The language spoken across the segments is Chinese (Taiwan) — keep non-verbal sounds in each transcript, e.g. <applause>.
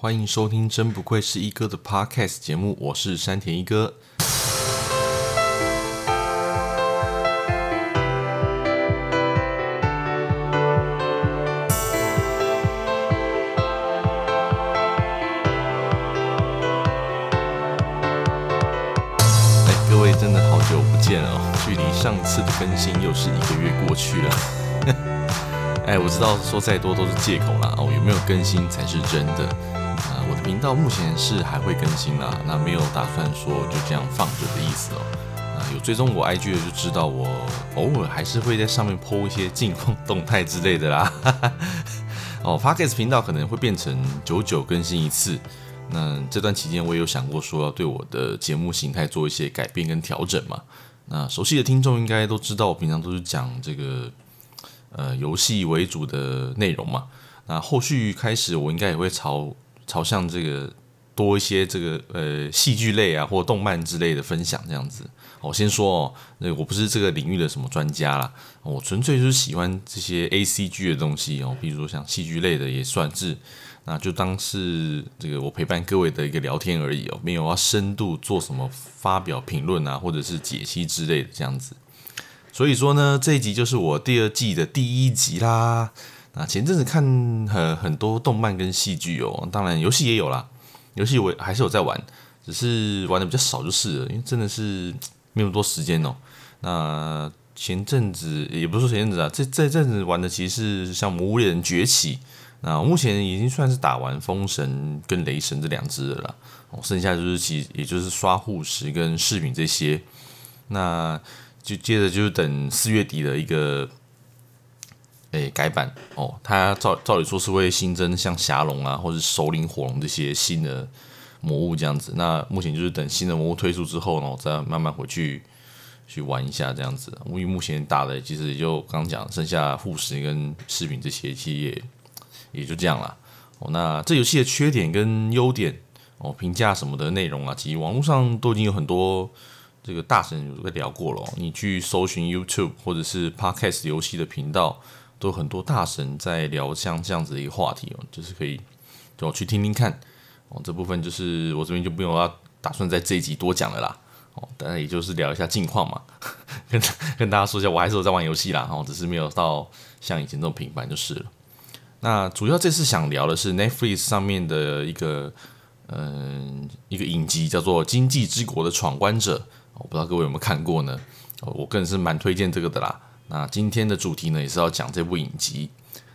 歡迎收聽真不愧是一哥的 Podcast 節目，我是山田一哥。哎，各位真的好久不見了哦，距離上次的更新又是一個月過去了。哎，我知道說再多都是借口啦哦，有沒有更新才是真的。頻道目前是還會更新啦、啊，那沒有打算說就這樣放着的意思哦。那有追蹤我 IG 的就知道我，我偶爾還是會在上面 PO 一些近況動態之類的啦。 <laughs> 哦，Podcast 頻道可能會變成久久更新一次。那這段期間我也有想過說要對我的節目形態做一些改變跟調整嘛。那熟悉的聽眾應該都知道，我平常都是講這個呃遊戲為主的內容嘛。那後續開始我應該也會朝朝向這個多一些這個呃戲劇類啊，或動漫之類的分享這樣子。我先說哦，那我不是這個領域的什麼專家啦。我純粹就是喜歡這些 ACG 的東西哦，比如說像戲劇類的也算是，那就當是這個我陪伴各位的一個聊天而已哦，沒有要深度做什麼發表評論啊，或者是解析之類的這樣子。所以說呢，這一集就是我第二季的第一集啦。啊，前陣子看很很多動漫跟戲劇哦，當然遊戲也有啦，遊戲我還是有在玩，只是玩的比較少就是了，因為真的是沒有那麼多時間哦。那前陣子也不是說前陣子啊，這這陣子玩的其實是像《魔物獵人崛起》，那我目前已經算是打完風神跟雷神這兩只了，哦，剩下就是其也就是刷護石跟飾品這些，那就接着就是等四月底的一個。改版哦，它照照理說是會新增像霞龍啊，或者首領火龍這些新的魔物這樣子。那目前就是等新的魔物推出之後呢，我再慢慢回去去玩一下這樣子。因為目前打的其實也就剛講剩下護石跟飾品這些，其實也也就這樣了。哦，那這遊戲的缺點跟優點哦，評價什麼的內容啊，其實網絡上都已經有很多這個大神有在聊過了哦。你去搜尋 YouTube 或者是 Podcast 遊戲的頻道。都很多大神在聊像這樣子的一個話題哦，就是可以就我去聽聽看哦。這部分就是我這邊就不用要打算在這一集多講了啦哦，當然也就是聊一下近況嘛，呵呵跟跟大家說一下，我還是有在玩遊戲啦哈、哦，只是沒有到像以前那麼頻繁就是了。那主要這次想聊的是 Netflix 上面的一個嗯一個影集叫做《經濟之國的闖關者》，我、哦、不知道各位有沒有看過呢？哦、我個人是蠻推薦這個的啦。那今天的主題呢，也是要講這部影集。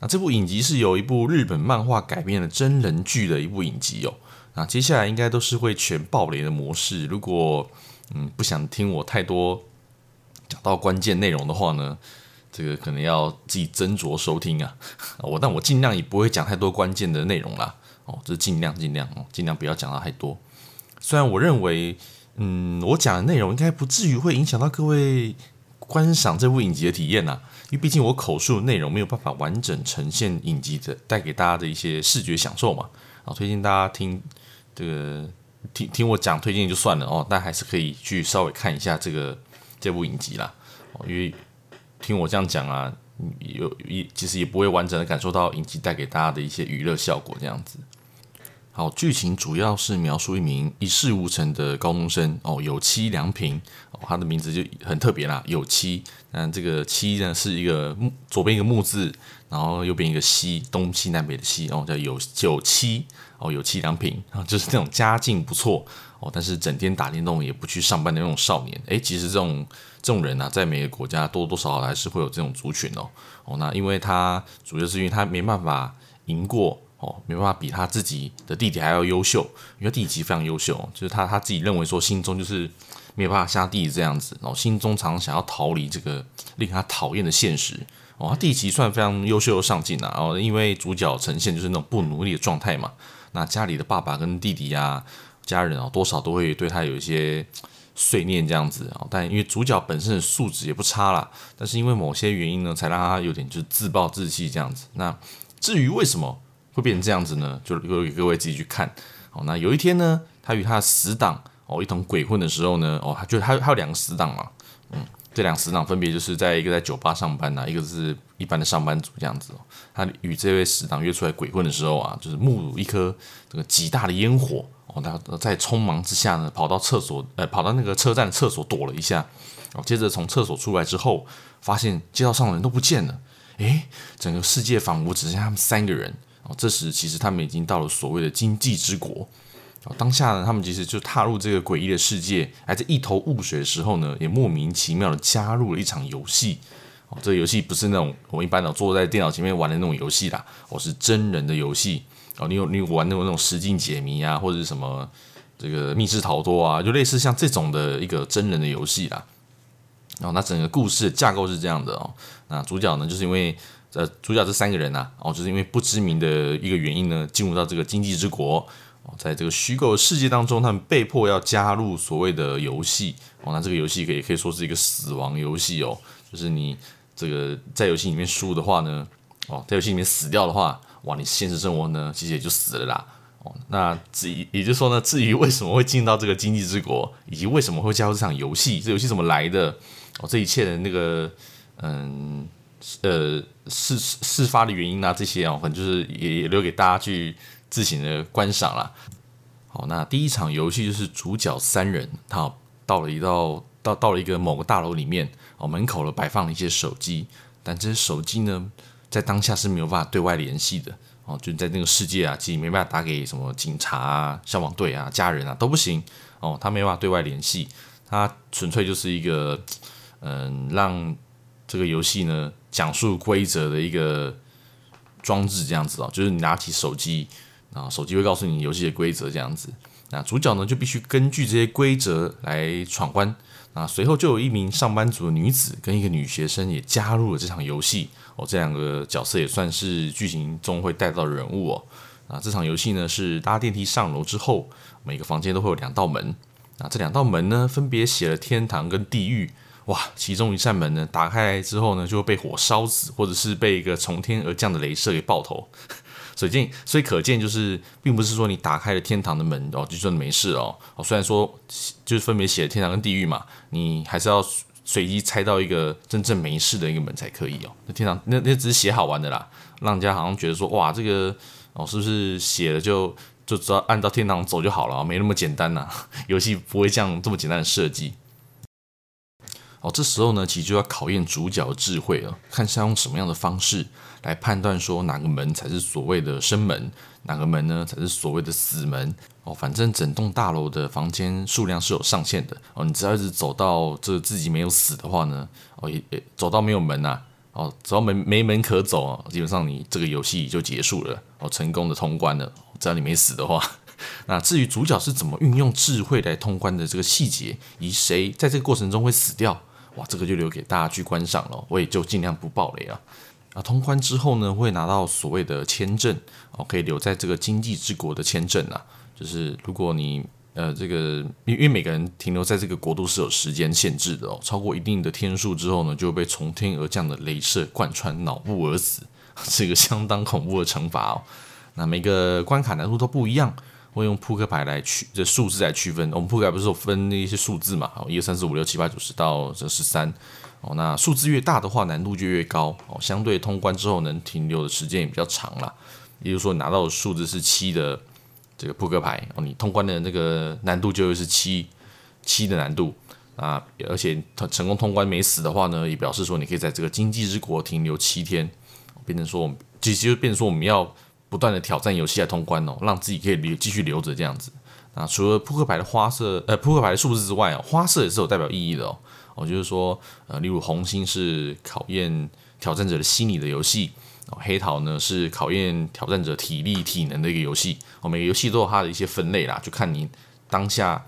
那這部影集是由一部日本漫畫改編的真人劇的一部影集哦。那接下來應該都是會全爆雷的模式。如果嗯不想聽我太多講到關鍵內容的話呢，這個可能要自己斟酌收聽啊。我、哦、但我儘量也不會講太多關鍵的內容啦。哦，這是儘量儘量哦，尽量不要講到太多。雖然我認為，嗯，我講的內容應該不至於會影響到各位觀賞這部影集的體驗吶、啊，因為畢竟我口述的內容沒有辦法完整呈現影集的帶給大家的一些視覺享受嘛，啊、哦，推薦大家聽這個聽聽我講推薦就算了哦，但還是可以去稍微看一下這個這部影集啦，哦，因為聽我這樣講啊，有一其實也不會完整的感受到影集帶給大家的一些娛樂效果這樣子。好，劇情主要是描述一名一事無成的高中生哦，有棲良平哦，他的名字就很特別啦，有棲，嗯，這個棲呢是一個木左邊一個木字，然後右邊一個西，東西南北的西哦，叫有九棲哦，有棲良平，然後哦就是這種家境不錯哦，但是整天打電動也不去上班的那種少年，哎，其實這種這種人呢啊，在每個國家多多少少來還是會有這種族群哦，哦，那因為他主要是因為他沒辦法贏過。哦，沒辦法比他自己的弟弟還要優秀，因為他弟弟非常優秀，就是他他自己認為說心中就是沒有辦法像弟弟這樣子，然後，哦，心中常想要逃離這個令他討厭的現實。哦，他弟弟算非常優秀又上進啊，哦，因為主角呈現就是那種不努力的狀態嘛，那家裡的爸爸跟弟弟呀、啊，家人哦，多少都會對他有一些碎念這樣子哦，但因為主角本身的素質也不差啦，但是因為某些原因呢，才讓他有點就自暴自棄這樣子。那至於為什麼？會變成這樣子呢？就給各位自己去看。好，那有一天呢，他與他的死黨哦一同鬼混的時候呢，哦，他就他他有兩個死黨嘛、啊，嗯，這兩死黨分別就是在一個在酒吧上班吶、啊，一個是一般的上班族這樣子。哦、他與這位死黨約出來鬼混的時候啊，就是目睹一顆這個極大的煙火哦，他，他在匆忙之下呢，跑到廁所，呃，跑到那個車站的廁所躲了一下，哦，接着從廁所出來之後，發現街道上的人都不見了，誒，整個世界仿佛只剩下他們三個人。哦，這時其實他們已經到了所謂的今際之國。哦，當下呢，他們其實就踏入這個詭異的世界，還在一頭霧水的時候呢，也莫名其妙的加入了一場遊戲。哦，這個遊戲不是那種我一般呢坐在電腦前面玩的那種遊戲啦，我、哦、是真人的遊戲。哦，你有你有玩那種那種實境解謎啊，或者是什麼這個密室逃脫啊，就類似像這種的一個真人的遊戲啦。然、哦、後，那整個故事的架構是這樣的哦。那主角呢，就是因為。呃，主角這三個人吶、啊，哦，就是因為不知名的一個原因呢，進入到這個今際之國哦，在這個虛構的世界當中，他們被迫要加入所謂的遊戲哦。那這個遊戲可也可以說是一個死亡遊戲哦，就是你這個在遊戲裡面輸的話呢，哦，在遊戲裡面死掉的話，哇，你現實生活呢其實也就死了啦哦。那至於也就是說呢，至於為什麼會進入到這個今際之國，以及為什麼會加入這場遊戲，這遊戲怎麼來的哦，這一切的那個嗯呃。事事發的原因啊，這些哦、喔，可能就是也，也留給大家去自行的觀賞啦。好，那第一場遊戲就是主角三人，他、喔、到了一道到到了一個某個大樓裡面哦、喔，門口了擺放了一些手機，但這些手機呢，在當下是沒有辦法對外聯繫的哦、喔，就在那個世界啊，其實沒辦法打給什麼警察啊、消防隊啊、家人啊都不行哦、喔，他沒有辦法對外聯繫，他純粹就是一個嗯，讓這個遊戲呢。講述規則的一個裝置，這樣子哦，就是你拿起手機，啊，手機會告訴你遊戲的規則，這樣子。那主角呢就必須根據這些規則來闖關。啊，隨後就有一名上班族的女子跟一個女學生也加入了這場遊戲。哦，這兩個角色也算是劇情中會帶到的人物哦。啊，這場遊戲呢是搭電梯上樓之後，每個房間都會有兩道門。啊，這兩道門呢分別寫了天堂跟地獄。哇，其中一扇門呢，打開來之後呢，就會被火燒死，或者是被一個從天而降的雷射給爆頭。所以見，所以可見就是，並不是說你打開了天堂的門哦，就算沒事哦。哦，雖然說就是分別寫了天堂跟地獄嘛，你還是要隨機猜到一個真正沒事的一個門才可以哦。那天堂那那只是寫好玩的啦，讓人家好像覺得說哇，這個哦是不是寫了就就只要按照天堂走就好了？沒那麼簡單吶、啊，遊戲不會這樣這麼簡單的設計。哦，這時候呢，其實就要考驗主角智慧了哦，看是用什麼樣的方式來判斷說哪個門才是所謂的生門，哪個門呢才是所謂的死門。哦，反正整棟大樓的房間數量是有上限的。哦，你只要一直走到這自己沒有死的話呢，哦也走到沒有門吶啊，哦走到沒沒門可走啊，基本上你這個遊戲就結束了，哦成功的通關了，只要你沒死的話。 <laughs> 那至於主角是怎麼運用智慧來通關的這個細節，以誰在這個過程中會死掉？哇，這個就留給大家去觀賞了哦，我也就盡量不爆雷了。啊，通關之後呢，會拿到所謂的簽證，哦，可以留在這個今際之國的簽證啊。就是如果你呃這個，因為每個人停留在這個國度是有時間限制的哦，超過一定的天數之後呢，就會被從天而降的雷射貫穿腦部而死，是一個相當恐怖的懲罰哦。那每個關卡難度都不一樣。會用撲克牌來區這數字來區分，我們撲克牌不是有分一些數字嘛？哦，一二三四五六七八九十到這十三哦，那數字越大的話，難度就越高哦。相對通關之後能停留的時間也比較長了。也就是說，拿到的數字是七的這個撲克牌哦，你通關的那個難度就會是七七的難度啊。那而且成功通關沒死的話呢，也表示說你可以在這個今際之國停留七天，變成說我們其實就變成說我們要。不斷的挑戰遊戲來通關哦，讓自己可以留繼續留着這樣子。那除了撲克牌的花色，呃，撲克牌的數字之外哦，花色也是有代表意義的哦。哦，就是說，呃，例如紅心是考驗挑戰者的心理的遊戲，哦，黑桃呢是考驗挑戰者體力體能的一個遊戲。哦，每個遊戲都有它的一些分類啦，就看你當下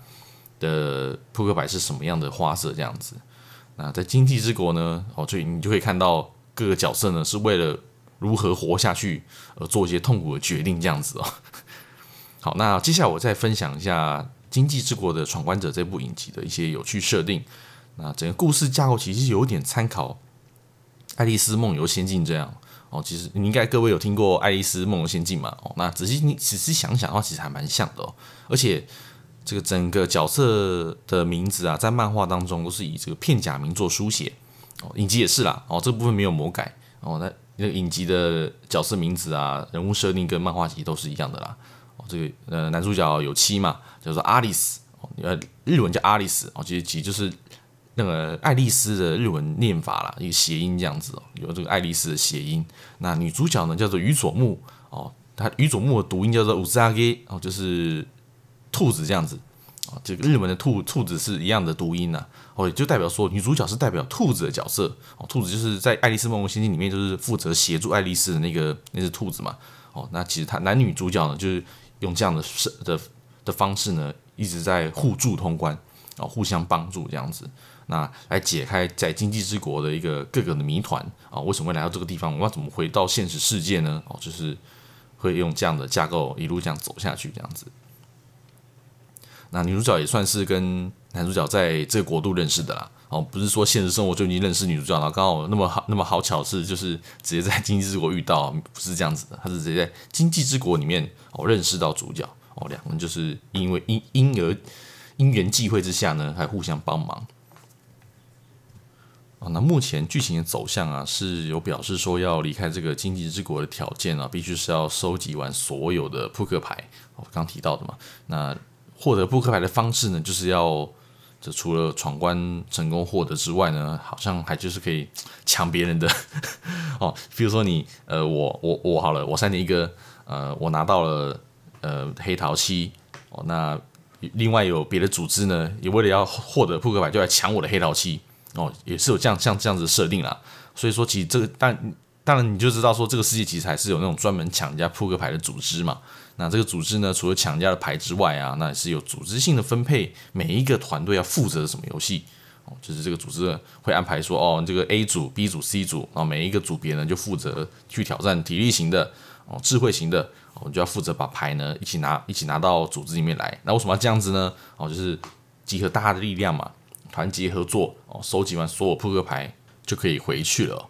的撲克牌是什麼樣的花色這樣子。那在今際之國呢，哦，所以你就會看到各個角色呢是為了。如何活下去？呃，做一些痛苦的決定，這樣子哦。好，那接下來我再分享一下《今際之國的闖關者》這部影集的一些有趣設定。那整個故事架構其實有點參考《愛麗絲夢遊仙境》這樣哦。其實你應該各位有聽過《愛麗絲夢遊仙境》嘛？哦，那仔細你仔細想想的話，其實還蠻像的哦。而且這個整個角色的名字啊，在漫畫當中都是以這個片假名做書寫哦，影集也是啦哦。這部分沒有魔改哦，那。那影集的角色名字啊，人物設定跟漫畫集，都是一樣的啦。哦，這個呃男主角有棲嘛，叫做阿麗絲哦，日文叫阿麗絲哦，其實其實就是那個愛麗絲的日文念法啦，一個諧音這樣子哦，有這個愛麗絲的諧音。那女主角呢，叫做宇佐木哦，她宇佐木的讀音叫做烏薩吉哦，就是兔子這樣子。這個日本的兔兔子是一樣的讀音呢、啊，哦，就代表說女主角是代表兔子的角色，哦，兔子就是在《愛麗絲夢遊仙境》裡面就是負責協助愛麗絲的那個那隻兔子嘛，哦，那其實它男女主角呢，就是用這樣的的的方式呢，一直在互助通關，哦，互相幫助這樣子，那來解開在今際之國的一個各個的謎團，啊、哦，為什麼會來到這個地方？我要怎麼回到現實世界呢？哦，就是會用這樣的架構一路這樣走下去這樣子。那女主角也算是跟男主角在這個國度認識的啦，哦，不是說現實生活就已經認識女主角了，剛好那麼好那麼好巧是就是直接在今際之國遇到，不是這樣子的，他是直接在今際之國裡面哦認識到主角哦，兩人就是因為因因而因緣際會之下呢，還互相幫忙。哦，那目前劇情的走向啊，是有表示說要離開這個今際之國的條件啊，必須是要收集完所有的撲克牌哦，剛提到的嘛，那。獲得撲克牌的方式呢，就是要就除了闖關成功獲得之外呢，好像還就是可以搶別人的 <laughs> 哦。比如說你呃，我我我好了，我三年一個呃，我拿到了呃黑桃七哦，那另外有別的組織呢，也為了要獲得撲克牌，就來搶我的黑桃七哦，也是有這樣像這樣子的設定啦。所以說，其實這個但。當然，你就知道說這個世界其實是有那種專門搶人家撲克牌的組織嘛。那這個組織呢，除了搶人家的牌之外啊，那也是有組織性的分配，每一個團隊要負責什麼遊戲哦，就是這個組織呢會安排說，哦，這個 A 組、B 組、C 組啊，每一個組別呢就負責去挑戰體力型的哦，智慧型的，我們就要負責把牌呢一起拿，一起拿到組織裡面來。那為什麼要這樣子呢？哦，就是集合大家的力量嘛，團結合作哦，收集完所有撲克牌就可以回去了，哦。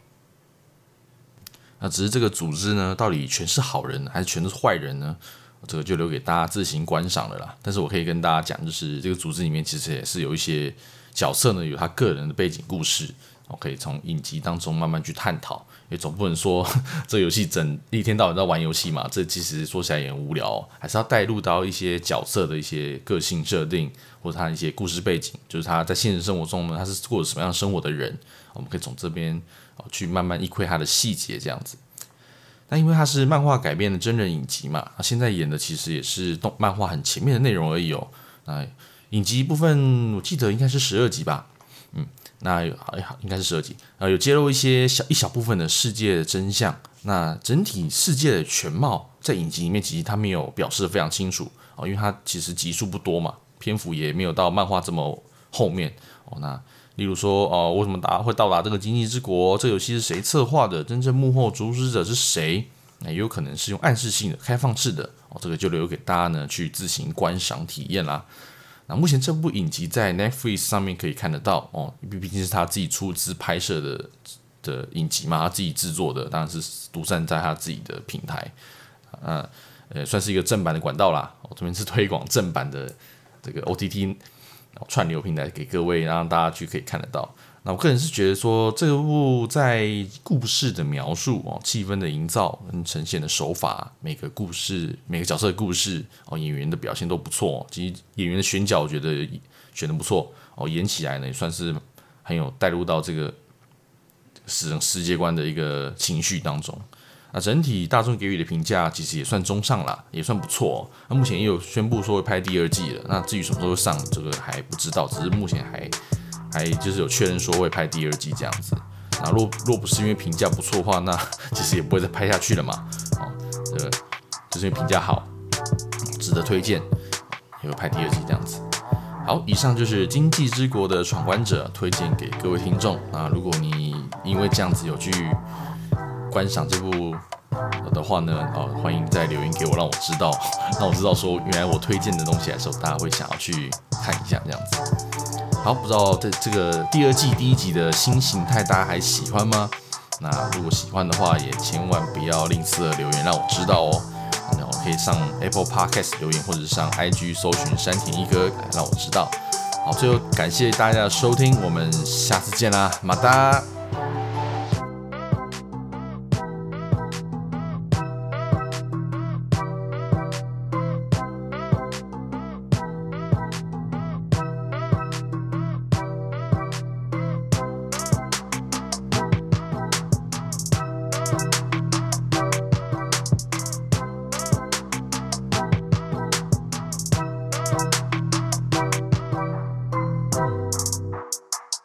那只是這個組織呢，到底全是好人還是全是壞人呢？我這個就留給大家自行觀賞了啦。但是我可以跟大家講，就是這個組織裡面其實也是有一些角色呢，有他個人的背景故事，我可以從影集當中慢慢去探討。也總不能說這個遊戲整一天到晚在玩遊戲嘛，這其實說起來也很無聊哦，還是要帶入到一些角色的一些個性設定，或他的一些故事背景，就是他在現實生活中呢，他是過什麼樣生活的人。我們可以從這邊去慢慢一窺它的細節，這樣子。那因為它是漫畫改編的真人影集嘛，那現在演的其實也是動漫畫很前面的內容而已哦。那影集部分我記得應該是十二集吧，嗯，那哎、欸、好，應該是十二集啊，有揭露一些小一小部分的世界的真相。那整體世界的全貌在影集裡面其實它沒有表示得非常清楚哦，因為它其實集數不多嘛，篇幅也沒有到漫畫這麼後面哦，那。例如說，哦，為什麼大家會到達這個今際之國？哦，這遊戲是誰策劃的？真正幕後組織者是誰？那、哎、也有可能是用暗示性的、開放式的哦，這個就留給大家呢去自行觀賞體驗啦。那、啊、目前這部影集在 Netflix 上面可以看得到哦，畢竟是他自己出資拍攝的的影集嘛，他自己制作的，當然是獨占在他自己的平台，呃、啊、呃，算是一個正版的管道啦。我、哦、這邊是推廣正版的這個 OTT。串流平台給各位，讓大家去可以看得到。那我個人是覺得說，這個部在故事的描述，哦氣氛的營造，跟呈現的手法，每個故事，每個角色的故事，哦演員的表現都不錯。其實演員的選角，我覺得選得不錯，哦演起來呢也算是很有帶入到這個世世界觀的一個情緒當中。那整體大眾給予的評價其實也算中上啦，也算不錯哦。那目前也有宣布說會拍第二季了，那至於什麼時候會上，這個還不知道，只是目前還還就是有確認說會拍第二季這樣子。那若若不是因為評價不錯的話，那其實也不會再拍下去了嘛。哦，這就是因為評價好，值得推薦，也會拍第二季這樣子。好，以上就是今際之國的闖關者，推薦給各位聽眾。那如果你因為這樣子有去觀賞這部的話呢，哦，歡迎再留言給我，讓我知道，讓 <laughs> 我知道說原來我推薦的東西的時候，大家會想要去看一下這樣子。好，不知道這這個第二季第一集的新形態大家還喜歡嗎？那如果喜歡的話，也千萬不要吝嗇留言讓我知道哦。那我可以上 Apple Podcast 留言，或者是上 IG 搜尋山田一哥，讓我知道。好，最後感謝大家的收聽，我們下次見啦，馬達。